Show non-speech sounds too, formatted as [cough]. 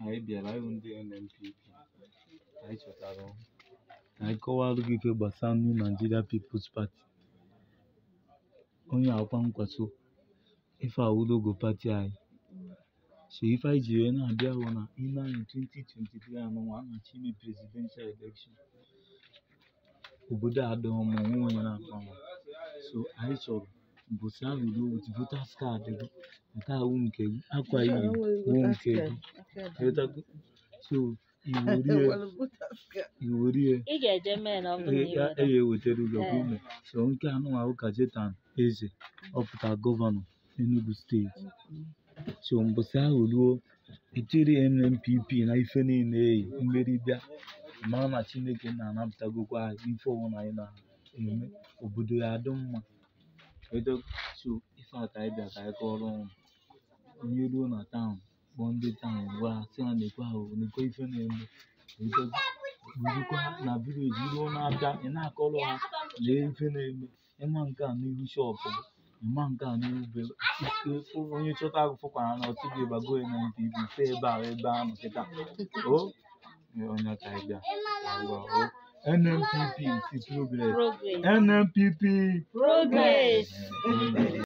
anyị bịara ịhụ ndị NNPP anyị chọtara anyị kọwalụ gị ife gbasara New Nigeria People's Party onye akwa nkwaso ife awụlogo pati anyị so ife anyị jiri na-abịa hụ na ime anyị 2023 anụnwa anachi ime presidential election obodo adọghọ ma onwe onye na-akpa so anyị chọrọ Bolsonaro with voters kaadị gị, nke a wụ nke gị, akwa iyi wụ nke gị. So iwerie ya ewetara ụlọ gọọmenti. So nke anụnwa wụ Cajetan Eze ọpụta gọvanọ Enugu steeti. So mbụsị ahụ ruo ịtụrụ e NNPP na ife niile eyi mmeri bịa ma na Chineke na-anapụtagokwa ife ọwụna anyị na-eme obodo ya adị mma Edọkịta Ifeatị Abịa ka anyị e bịa ka anyị e kọọrọ ụnụ. Onye ruo na taụn, kpọọ ndị taụn gwa si sị ha na-ekwe ha n'ekwe ife na-eme. Burukwa na vileji ruo n'abịa, ị na-akọrọ ha lee ife na-eme. Ịma nke a n'ihu shọpụ, ịma nke a n'ihu be e, onye chọta agụ fụkwara na ọtụ gị bago ya na ntị ibi ebe a ebe ahụ kịta. O onye ka ịbịa. NMPP progress. progress. NMPP progress. [laughs]